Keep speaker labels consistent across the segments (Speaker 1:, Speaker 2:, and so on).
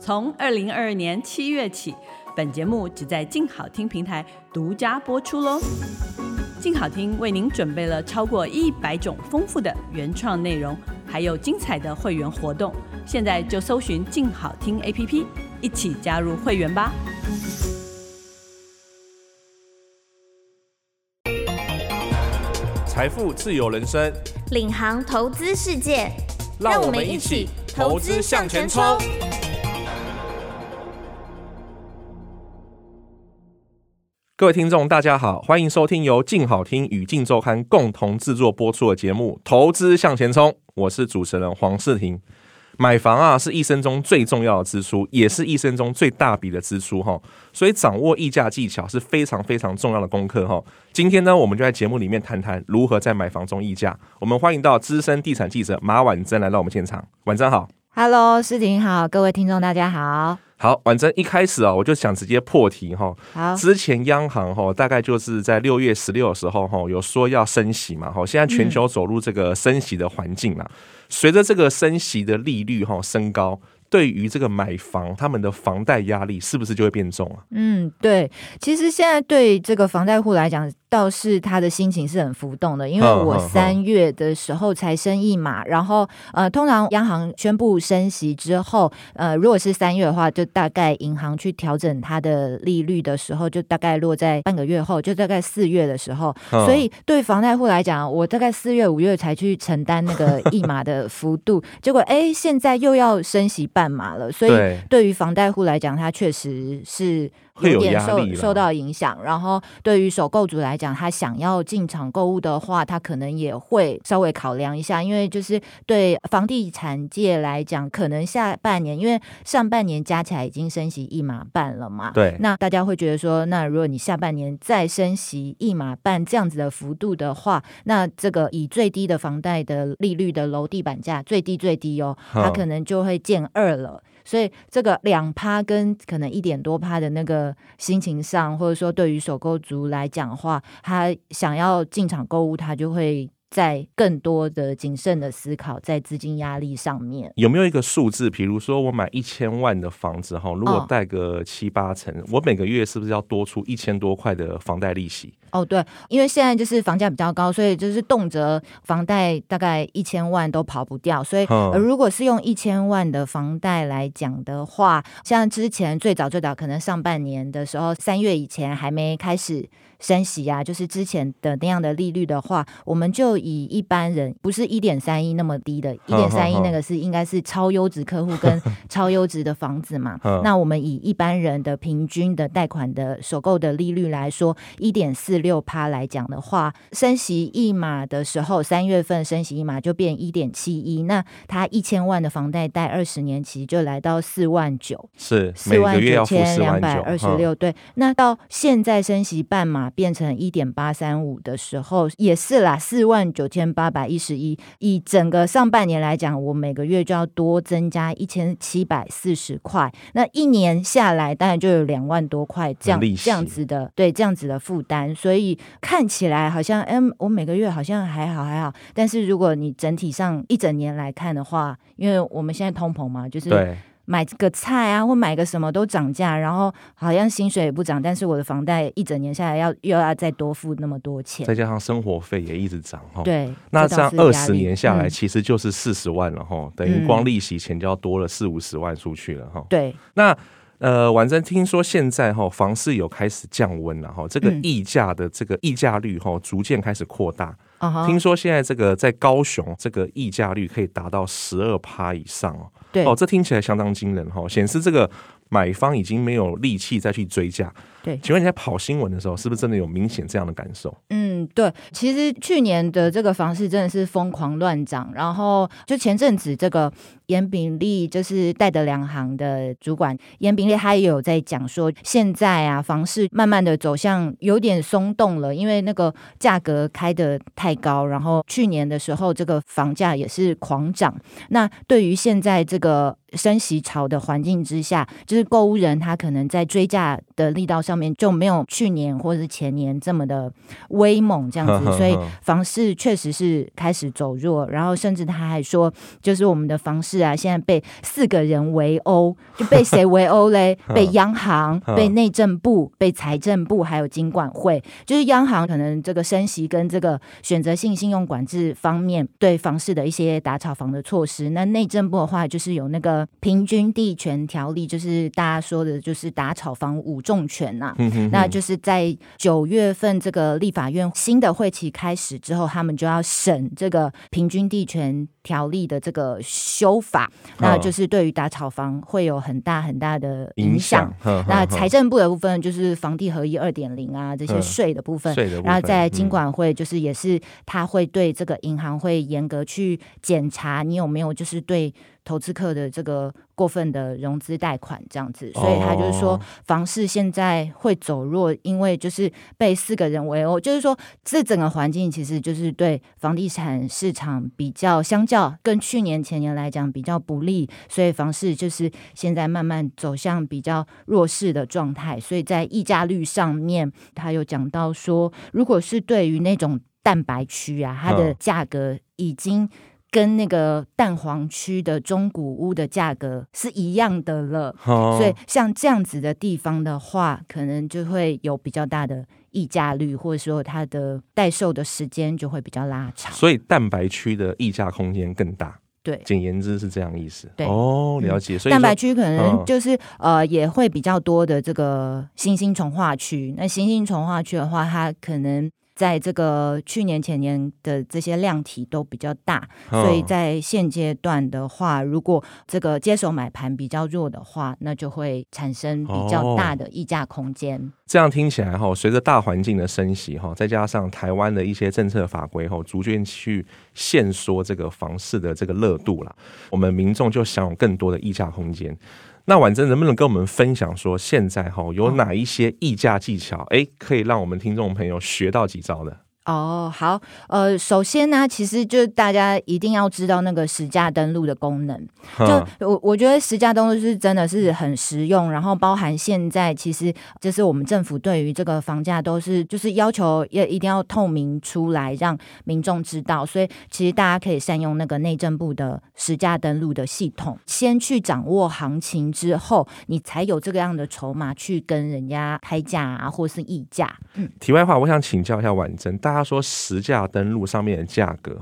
Speaker 1: 從二零二二年七月起，本節目只在靜好聽平台獨家播出嘍。靜好聽為您準備了超過一百種豐富的原創內容，還有精彩的會員活動。現在就搜尋靜好聽 APP，一起加入會員吧！
Speaker 2: 財富自由人生，
Speaker 1: 領航投資世界，
Speaker 2: 讓我們一起投資向錢衝！各位聽眾，大家好，歡迎收聽由鏡好聽與鏡週刊共同製作播出的節目《投資向錢衝》。我是主持人黃世廷。買房啊，是一生中最重要的支出，也是一生中最大筆的支出吼。所以，掌握議價技巧是非常非常重要的功課吼。今天呢，我們就在節目裡面談談如何在買房中議價。我們歡迎到資深地產記者馬婉珍來到我們現場。晚上好
Speaker 1: ，Hello，世廷好，各位聽眾大家好。
Speaker 2: 好，反正一開始啊，我就想直接破題哈。好，之前央行哈大概就是在六月十六的時候哈有說要升息嘛，哈，現在全球走入這個升息的環境了，隨着、嗯、這個升息的利率哈升高，對於這個買房，他們的房貸壓力是不是就會變重啊？嗯，
Speaker 1: 對，其實現在對這個房貸戶來講。倒是他的心情是很浮動的，因為我三月的時候才升一碼，oh, oh, oh. 然後呃，通常央行宣布升息之後，呃，如果是三月的話，就大概銀行去調整它的利率的時候，就大概落在半個月後，就大概四月的時候，oh. 所以對房貸戶來講，我大概四月五月才去承擔那個一碼的幅度， 結果哎，現在又要升息半碼了，所以對於房貸戶來講，他確實是。有點受受會有受到影響。然後，對於首購族來講，他想要進場購物的話，他可能也會稍微考量一下，因為就是對房地產界來講，可能下半年，因為上半年加起來已經升息一碼半了嘛。對。那大家會覺得說，那如果你下半年再升息一碼半這樣子的幅度的話，那這個以最低的房貸的利率的樓地板價最低最低哦，oh. 它可能就會見二了。所以這個兩趴跟可能一點多趴的那個心情上，或者說對於首購族來講的話，他想要進場購物，他就會。在更多的謹慎的思考，在資金壓力上面，
Speaker 2: 有沒有一個數字？比如說，我買一千萬的房子哈，如果貸個七八成，哦、我每個月是不是要多出一千多塊的房貸利息？
Speaker 1: 哦，對，因為現在就是房價比較高，所以就是動輒房貸大概一千萬都跑不掉。所以，如果是用一千萬的房貸來講的話，嗯、像之前最早最早可能上半年的時候，三月以前還沒開始。升息呀、啊，就是之前的那樣的利率的話，我們就以一般人不是一點三一那麼低的，一點三一那個是應該是超優質客戶跟超優質的房子嘛。 那我們以一般人的平均的貸款的首購的利率來說，一點四六趴來講的話，升息一碼的時候，三月份升息一碼就變一點七一，那他一千萬的房貸貸二十年，其實就來到四萬九，
Speaker 2: 是每個月要付四萬九千兩百二十六。
Speaker 1: 對，那到現在升息半碼。變成一點八三五的時候，也是啦，四萬九千八百一十一。以整個上半年來講，我每個月就要多增加一千七百四十塊，那一年下來當然就有兩萬多塊這樣這樣子的，對，這樣子的負擔。所以看起來好像，嗯、欸，我每個月好像還好還好，但是如果你整體上一整年來看的話，因為我們現在通膨嘛，就是對。買個菜啊，或買個什麼都漲價，然後好像薪水也不漲，但是我的房貸一整年下來要又要再多付那麼多錢，再
Speaker 2: 加上生活費也一直漲哈。對，那這樣二十年下來，其實就是四十萬了哈，嗯、等於光利息錢就要多了四五十萬出去了哈。對、嗯，那呃，反正聽說現在哈房市有開始降溫了哈，嗯、這個議價的這個議價率哈逐漸開始擴大。聽說現在這個在高雄，這個議價率可以達到十二趴以上哦。對，哦，這聽起來相當驚人哦，顯示這個買方已經沒有力氣再去追價。對，請問你在跑新聞的時候，是不是真的有明顯這樣的感受？
Speaker 1: 嗯，對，其實去年的這個房市真的是瘋狂亂漲，然後就前陣子這個顏炳立，就是戴德梁行的主管顏炳立，他也有在講說，現在啊，房市慢慢的走向有點鬆動了，因為那個價格開得太高，然後去年的時候這個房價也是狂漲，那對於現在這個升息潮的環境之下，就是購物人他可能在追價的力道上，面就沒有去年或者是前年這麼的威猛，這樣子，所以房市確實是開始走弱。然後甚至他還說，就是我們的房市啊，現在被四個人圍毆，就被誰圍毆嘞？被央行、被內政部、被財政部，還有金管會。就是央行可能這個升息跟這個選擇性信用管制方面對房市的一些打炒房的措施。那內政部的話，就是有那個平均地權條例，就是大家說的，就是打炒房五重拳。啊。嗯哼， 那就是在九月份這個立法院新的會期開始之後，他們就要審這個平均地權。條例的這個修法，嗯、那就是對於打炒房會有很大很大的影響。影響呵呵那財政部的部分就是房地合一二點零啊，這些稅的部分。部分然後在金管會，就是也是他會對這個銀行會嚴格去檢查你有沒有就是對投資客的這個過分的融資貸款這樣子。所以他就是說房市現在會走弱，因為就是被四個人圍毆，就是說這整個環境其實就是對房地產市場比較相較。跟去年前年來講比較不利，所以房市就是現在慢慢走向比較弱勢的狀態。所以在議價率上面，他有講到說，如果是對於那種蛋白區啊，它的價格已經跟那個蛋黃區的中古屋的價格是一樣的了，所以像這樣子的地方的話，可能就會有比較大的。議價率，或者說它的待售的時間就會比較拉長，
Speaker 2: 所以蛋白區的議價空間更大。對，簡言之是這樣意思。對，哦，了解。嗯、所以蛋白區可能就
Speaker 1: 是、哦、呃也會比較多的這個新興重劃區。那新興重劃區的話，它可能。在這個去年前年的這些量體都比較大，哦、所以在現階段的話，如果這個接手買盤比較弱的話，那就會產生比較大的議價空間、
Speaker 2: 哦。這樣聽起來哈，隨着大環境的升息哈，再加上台灣的一些政策法規哈，逐漸去限縮這個房市的這個熱度了，我們民眾就享有更多的議價空間。那婉珍能不能跟我們分享說，現在哈有哪一些議價技巧，哎，可以讓我們聽眾朋友學到幾招呢？
Speaker 1: 哦，oh，好，呃，首先呢，啊，其實就是大家一定要知道那個實價登錄的功能。Huh. 就我我覺得實價登錄是真的是很實用，然後包含現在其實就是我們政府對於這個房價都是就是要求要一定要透明出來，讓民眾知道。所以其實大家可以善用那個內政部的實價登錄的系統，先去掌握行情之後，你才有這個樣的籌碼去跟人家開價啊，或是議價。
Speaker 2: 嗯，題外話，我想請教一下婉珍他說，實價登錄上面的價格，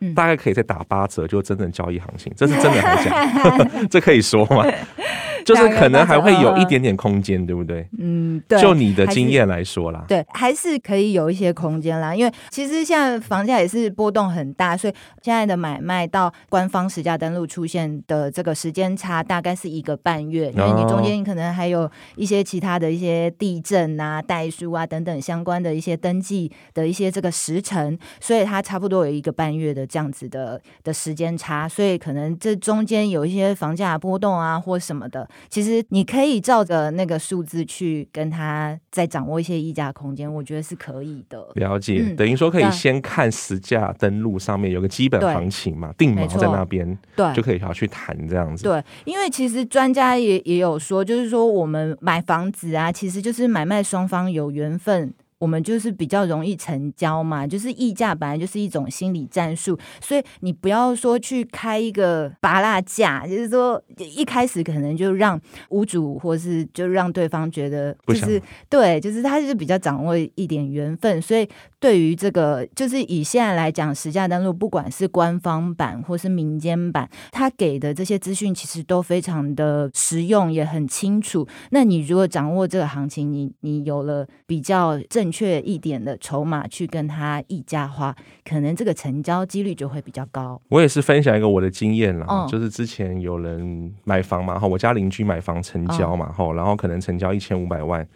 Speaker 2: 嗯、大概可以再打八折，就真正交易行情，這是真的還是假的？ 這可以說嗎？ 就是可能還會有一點點空間，對不對？嗯，對。就你的經驗來說啦，對，
Speaker 1: 還是可以有一些空間啦。因為其實現在房價也是波動很大，所以現在的買賣到官方實價登錄出現的這個時間差，大概是一個半月。哦、因為你中間可能還有一些其他的一些地震啊、代書啊等等相關的一些登記的一些這個時程，所以它差不多有一個半月的這樣子的的時間差，所以可能這中間有一些房價波動啊或什麼的。其實你可以照着那個數字去跟他再掌握一些議價空間，我覺得是可以的。
Speaker 2: 了解，等於說可以先看實價登錄上面有個基本行情嘛，對定錨在那邊，錯就可以好好去談這樣子。
Speaker 1: 對，因為其實專家也也有說，就是說我們買房子啊，其實就是買賣雙方有緣分。我們就是比較容易成交嘛，就是議價本來就是一種心理戰術，所以你不要說去開一個芭樂價，就是說一開始可能就讓屋主或是就讓對方覺得、就是、不是想對，就是他就是比較掌握一點緣分，所以對於這個就是以現在來講，實價登錄不管是官方版或是民間版，他給的這些資訊其實都非常的實用，也很清楚。那你如果掌握這個行情，你你有了比較正。明確一點的籌碼去跟他議價話，可能這個成交幾率就會比較高。
Speaker 2: 我也是分享一個我的經驗啦，嗯、就是之前有人買房嘛，哈，我家鄰居買房成交嘛，哈、嗯，然後可能成交一千五百萬。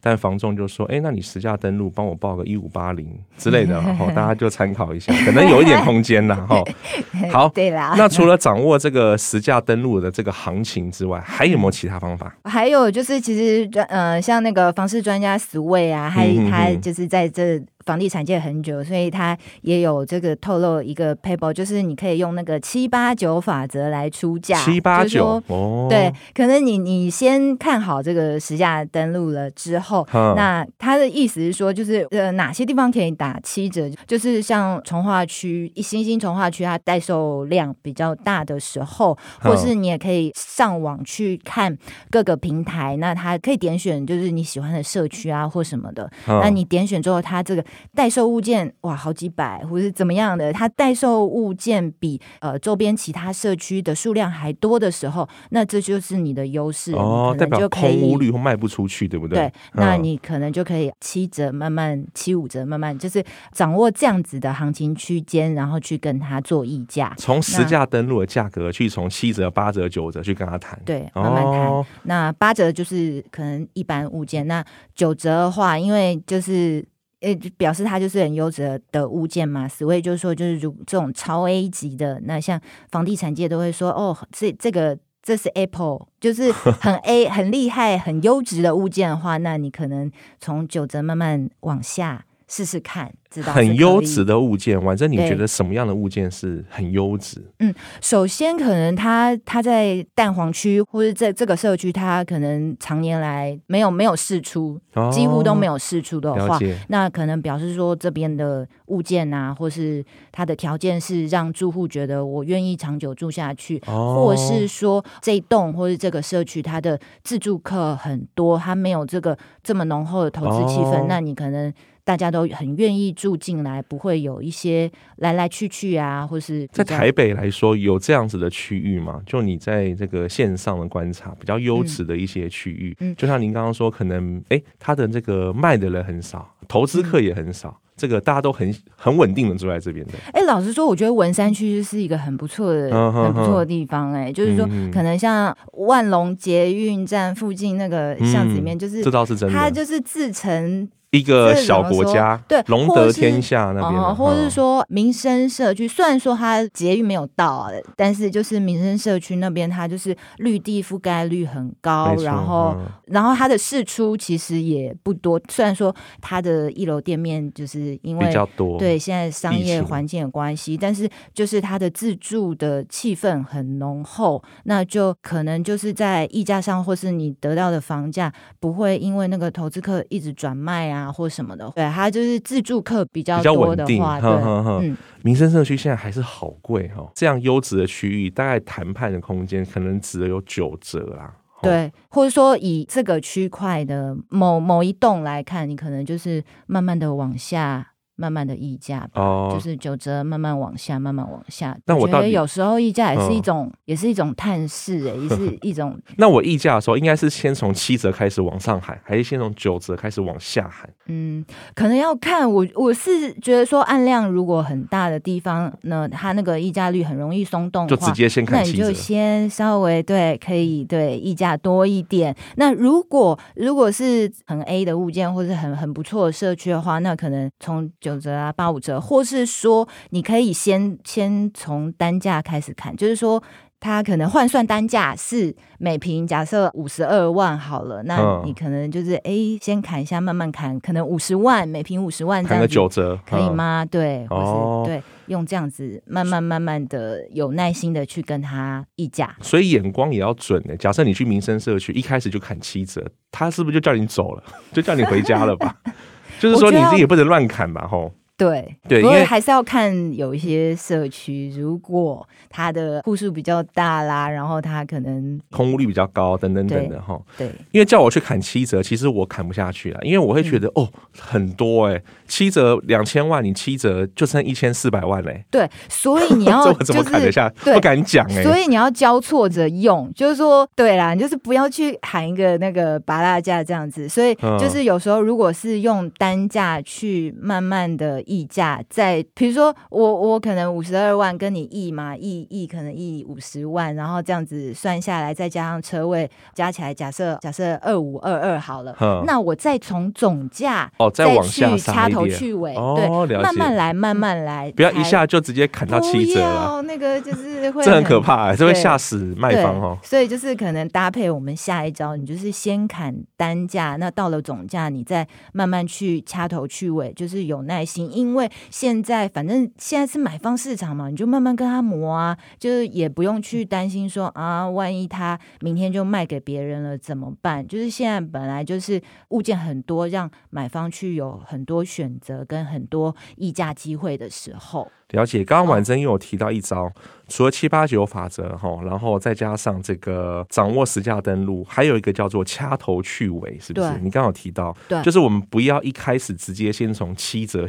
Speaker 2: 但房仲就說：“哎、欸，那你實價登錄，幫我報個一五八零之類的，然後 大家就參考一下，可能有一點空間吶。”哈，
Speaker 1: 好，對啦。對了 那除
Speaker 2: 了掌握這個實價登錄的這個行情之外，還有沒有其他方法？
Speaker 1: 還有就是，其實嗯、呃，像那個房市專家 Sway 啊，還有他就是在這。房地產界很久，所以他也有這個透露一個 paper，就是你可以用那個七八九法則來出價，七八九哦，oh. 對，可能你你先看好這個實價登錄了之後，Huh. 那他的意思是說，就是呃哪些地方可以打七折，就是像重劃區一新興重劃區，它待售量比較大的時候，或是你也可以上網去看各個平台，Huh. 那他可以點選，就是你喜歡的社區啊或什麼的，Huh. 那你點選之後，他這個。代售物件哇，好幾百或是怎麼樣的，它代售物件比呃周邊其他社區的數量還多的時候，那這就是你的優勢哦，就代表空屋率或
Speaker 2: 賣不出去，對不對？對，嗯、那你
Speaker 1: 可能就可以七折慢慢，七五折慢慢，就是掌握這樣子的行情區間，然後去跟他做議價，從實價
Speaker 2: 登錄的價格去從七折、八折、九折去跟他談，那對，慢慢
Speaker 1: 談。哦、那八折就是可能一般物件，那九折的話，因為就是。誒，表示它就是很優質的物件嘛。所謂就是說，就是如這種超 A 級的，那像房地產界都會說，哦，這這個這是 Apple，就是很 A、 很厲害、很優質的物件的話，那你可能從九折慢慢往下試試看。知道很優質的
Speaker 2: 物件，反正你覺得什麼樣的物件是很優質？
Speaker 1: 嗯，首先可能他他在蛋黃區或者在這個社區，他可能常年來沒有沒有釋出，哦、幾乎都沒有釋出的話，了解、那可能表示說這邊的物件啊，或是他的條件是讓住戶覺得我願意長久住下去，哦、或者是說這棟或是這個社區他的自住客很多，他沒有這個這麼濃厚的投資氣氛，哦、那你可能大家都很願意。住進來不會有一些來來去去啊，或者是在台
Speaker 2: 北來說有這樣子的區域嗎？就你在這個線上的觀察，比較優質的一些區域，嗯、就像您剛剛說，可能哎，他、欸、的這個賣的人很少，投資客也很少，嗯、這個大家都很很穩定的住在這邊的。哎、
Speaker 1: 欸，老實說，我覺得文山區就是一個很不錯的、嗯、哼很不錯的地方、欸。哎、嗯哼，就是說，嗯、哼可能像萬隆捷運站附近那個巷子裡面，嗯、就是這倒是真的，他就是自成。一個小國家，對，龍德天下那邊，哦，或者是說民生社區，嗯、雖然說它捷運沒有到啊，但是就是民生社區那邊，它就是綠地覆蓋率很高，錯然後，嗯、然後它的市出其實也不多。雖然說它的一樓店面就是因為比較多，對，現在商業環境有關係，但是就是它的自住的氣氛很濃厚，那就可能就是在溢價上，或是你得到的房價不會因為那個投資客一直轉賣啊。啊，或什麼的，對，他就是自住客比較多的話比較穩定。
Speaker 2: 民生對呵社區現在還是好貴哦。嗯、這樣優質的區域，大概談判的空間可能只有九折啦、啊。對，
Speaker 1: 呵或者說以這個區塊的某某一棟來看，你可能就是慢慢的往下。慢慢的議價、哦、就是九折慢慢往下，慢慢往下。但我,我覺得有時候議價也是一種，嗯、也是一種探視、欸，誒呵，也是一種。
Speaker 2: 那我議價的時候，應該是先從七折開始往上喊，還是先從九折開始往下喊？
Speaker 1: 嗯，可能要看我，我是覺得說，案量如果很大的地方呢，那它那個議價率很容易鬆動的話，就直接先看。那你就先稍微對，可以對議價多一點。那如果如果是很 A 的物件或是，或者很很不錯的社區的話，那可能從九折啊，八五折，或是說你可以先先從單價開始砍，就是說他可能換算單價是每坪假設五十二萬好了，那你可能就是欸、嗯欸、先砍一下，慢慢砍，可能五十萬每坪五十萬，萬這樣子砍個九折、嗯、可以嗎？嗯、對，或是、哦、對，用這樣子慢慢慢慢的有耐心的去跟他議價，
Speaker 2: 所以眼光也要準呢、欸。假設你去民生社區，一開始就砍七折，他是不是就叫你走了？ 就叫你回家了吧？
Speaker 1: 就是說，你自己也不能
Speaker 2: 亂砍吧，吼。對對，因為對還是
Speaker 1: 要看有一些社區，為如果它的戶數比較大啦，然後它可能
Speaker 2: 空屋率比較高，等等等等的哈。對，齁對因為叫我去砍七折，其實我砍不下去了，因為我會覺得、嗯、哦，很多哎、欸，七折兩千萬，你七折就剩一千四百萬嘞、
Speaker 1: 欸。對，所以你要 這我怎麼砍得下？不、就是、敢講哎、欸。所以你要交錯着用，就是說，對啦，你就是不要去喊一個那個拔大價這樣子。所以就是有時候如果是用單價去慢慢的。議價在，比如說我我可能五十二萬跟你議嘛，議議可能議五十萬，然後這樣子算下來，再加上車位加起來假，假設假設二五二二好了，呵那我再從總價哦再去掐頭去尾，哦、對，解慢慢來，慢慢來，解才 不要一下
Speaker 2: 就直接砍到七折了，
Speaker 1: 那個就是會很 這很可怕、欸，這對會嚇死賣方哦。所以就是可能搭配我們下一招，你就是先砍單價，那到了總價你再慢慢去掐頭去尾，就是有耐心。因為現在反正現在是買方市場嘛，你就慢慢跟他磨啊，就是也不用去擔心說啊，萬一他明天就賣給別人了怎麼辦？就是現在本來就是物件很多，讓買方去有很多選擇跟很多議價機會的時候。
Speaker 2: 了解，剛剛婉珍又有提到一招，除了七八九法則哈，然後再加上這個掌握實價登錄，還有一個叫做掐頭去尾，是不是？你剛好提到，對，就是我們不要一開始直接先從七折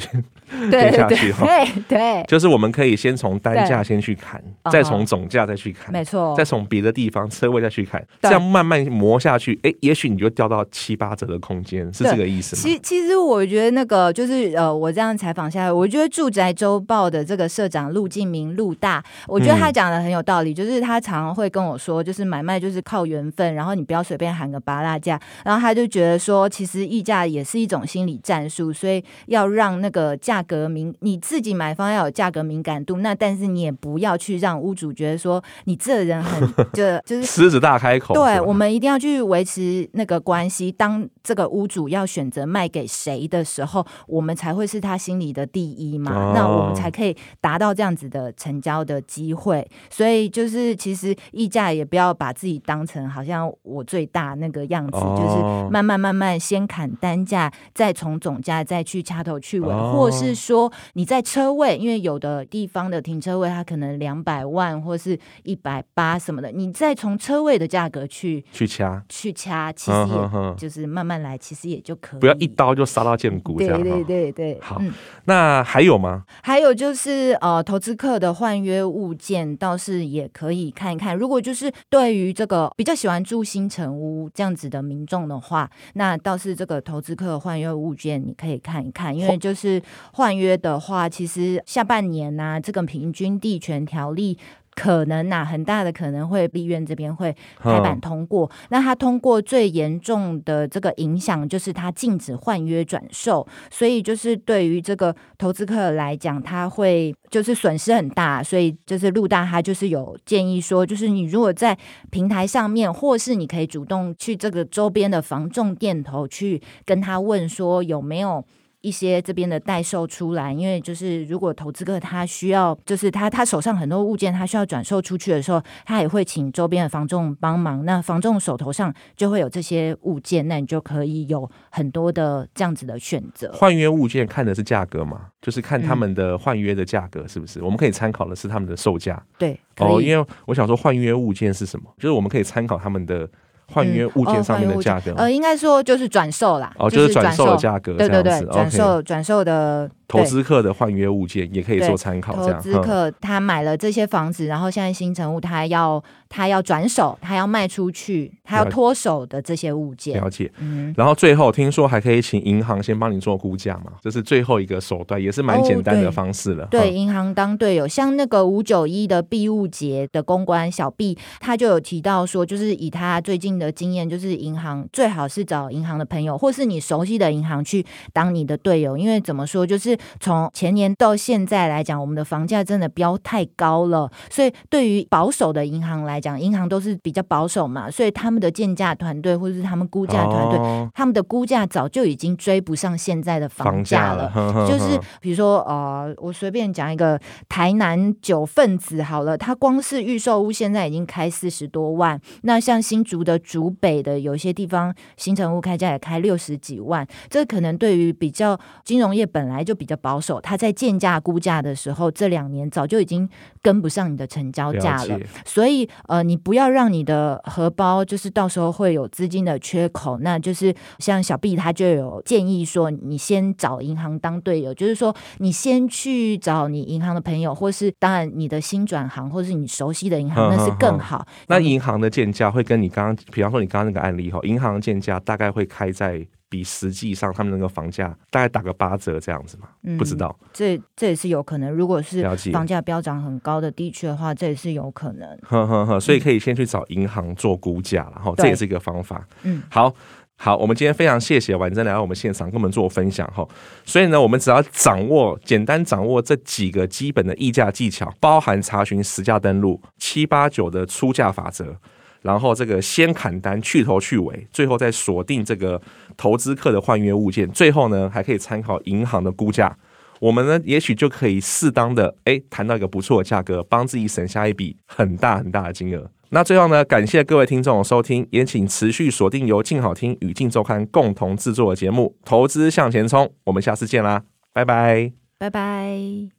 Speaker 2: 對下去，對對，就是我們可以先從單價先去砍，再從總價再去砍，沒錯，再從別的地方車位再去砍，這樣慢慢磨下去，哎，也許你就掉到七八折的空間，是這個意思嗎？其
Speaker 1: 其實我覺得那個就是呃，我這樣採訪下來，我覺得住宅周報的。這個社長陸敬明陸大，我覺得他講的很有道理，嗯、就是他常常會跟我說，就是買賣就是靠緣分，然後你不要隨便喊個芭樂價，然後他就覺得說，其實議價也是一種心理戰術，所以要讓那個價格敏你自己買方要有價格敏感度，那但是你也不要去讓屋主覺得說你這人很 就就是獅
Speaker 2: 子大開口，對吧，
Speaker 1: 我們一定要去維持那個關係，當這個屋主要選擇賣給誰的時候，我們才會是他心裡的第一嘛，哦、那我們才可以。達到這樣子的成交的機會，所以就是其實議價也不要把自己當成好像我最大那個樣子，oh. 就是慢慢慢慢先砍單價，再從總價再去掐頭去尾，oh. 或是說你在車位，因為有的地方的停車位它可能兩百萬或是一百八什麼的，你再從車位的價格去去掐去掐，其實也、uh huh. 就是慢慢來，其實也就可以不要
Speaker 2: 一刀就殺到見骨這樣，對
Speaker 1: 對對對。好，嗯、
Speaker 2: 那還有嗎？
Speaker 1: 還有就是。是，呃，投資客的換約物件倒是也可以看一看。如果就是對於這個比較喜歡住新成屋這樣子的民眾的話，那倒是這個投資客換約物件你可以看一看，因為就是換約的話，其實下半年呢、啊，這個平均地權條例。可能吶、啊，很大的可能會立院這邊會開板通過。Huh. 那他通過最嚴重的這個影響就是他禁止換約轉售，所以就是對於這個投資客來講，他會就是損失很大。所以就是陸大他就是有建議說，就是你如果在平台上面，或是你可以主動去這個周邊的房仲店頭去跟他問說有沒有。一些這邊的代售出來，因為就是如果投資客他需要，就是他他手上很多物件，他需要轉售出去的時候，他也會請周邊的房仲幫忙。那房仲手頭上就會有這些物件，那你就可以有很多的這樣子的選擇。換
Speaker 2: 約物件看的是價格嘛？就是看他們的換約的價格是不是？嗯、我們可以參考的是他們的售價。
Speaker 1: 對，哦、呃，因
Speaker 2: 為我想說換約物件是什麼？就是我們可以參考他們的。換約物件上面的價格，嗯、哦，呃，
Speaker 1: 應該說就是轉售啦，哦，就是轉售價格，對對對，轉 OK 售、轉售的投資
Speaker 2: 客的換約物件也可以做參考，這樣，投資客
Speaker 1: 他買了這些房子，然後現在新成屋他要，他要轉手，他要賣出去，他要脫手的這些物件。了
Speaker 2: 解，嗯。然後最後聽說還可以請銀行先幫你做估價嘛，這是最後一個手段，也是蠻簡單的方式了。哦對，嗯、對，
Speaker 1: 銀行當隊友，像那個五九一的畢悟節的公關小畢，他就有提到說，就是以他最近的經驗，就是銀行最好是找銀行的朋友，或是你熟悉的銀行去當你的隊友，因為怎麼說，就是從前年到現在來講，我們的房價真的飆太高了，所以對於保守的銀行來講，講銀行都是比較保守嘛，所以他們的鑑價團隊或者是他們估價團隊，哦、他們的估價早就已經追不上現在的房價了。了呵呵呵就是比如說，呃，我隨便講一個台南九份子好了，它光是預售屋現在已經開四十多萬。那像新竹的竹北的有些地方，新成屋開價也開六十幾萬。這可能對於比較金融業本來就比較保守，他在鑑價估價的時候，這兩年早就已經跟不上你的成交價了，了解所以。呃呃，你不要讓你的荷包就是到時候會有資金的缺口，那就是像小 B 他就有建議說，你先找銀行當隊友，就是說你先去找你銀行的朋友，或是當然你的薪轉行，或是你熟悉的銀行，那是更好。
Speaker 2: 那銀行的鑑價會跟你剛剛，比方說你剛剛那個案例哈，銀行鑑價大概會開在。比實際上他們那個房價大概打個八折這樣子嘛，嗯、不知道，
Speaker 1: 這這也是有可能。如果是房價飆漲很高的地區的話，了了這也是有可能。
Speaker 2: 呵呵呵，所以可以先去找銀行做估價然後、嗯、這也是一個方法。嗯，好好，我們今天非常謝謝婉珍來到我們現場跟我們做分享哈。所以呢，我們只要掌握簡單掌握這幾個基本的議價技巧，包含查詢實價登、登錄七八九的出價法則。然後這個先砍單去頭去尾，最後再鎖定這個投資客的換約物件，最後呢還可以參考銀行的估價，我們呢也許就可以適當的哎談到一個不錯的價格，幫自己省下一筆很大很大的金額。那最後呢，感謝各位聽眾的收聽，也請持續鎖定由鏡好聽與鏡週刊共同製作的節目《投資向錢衝》，我們下次見啦，拜拜，
Speaker 1: 拜拜。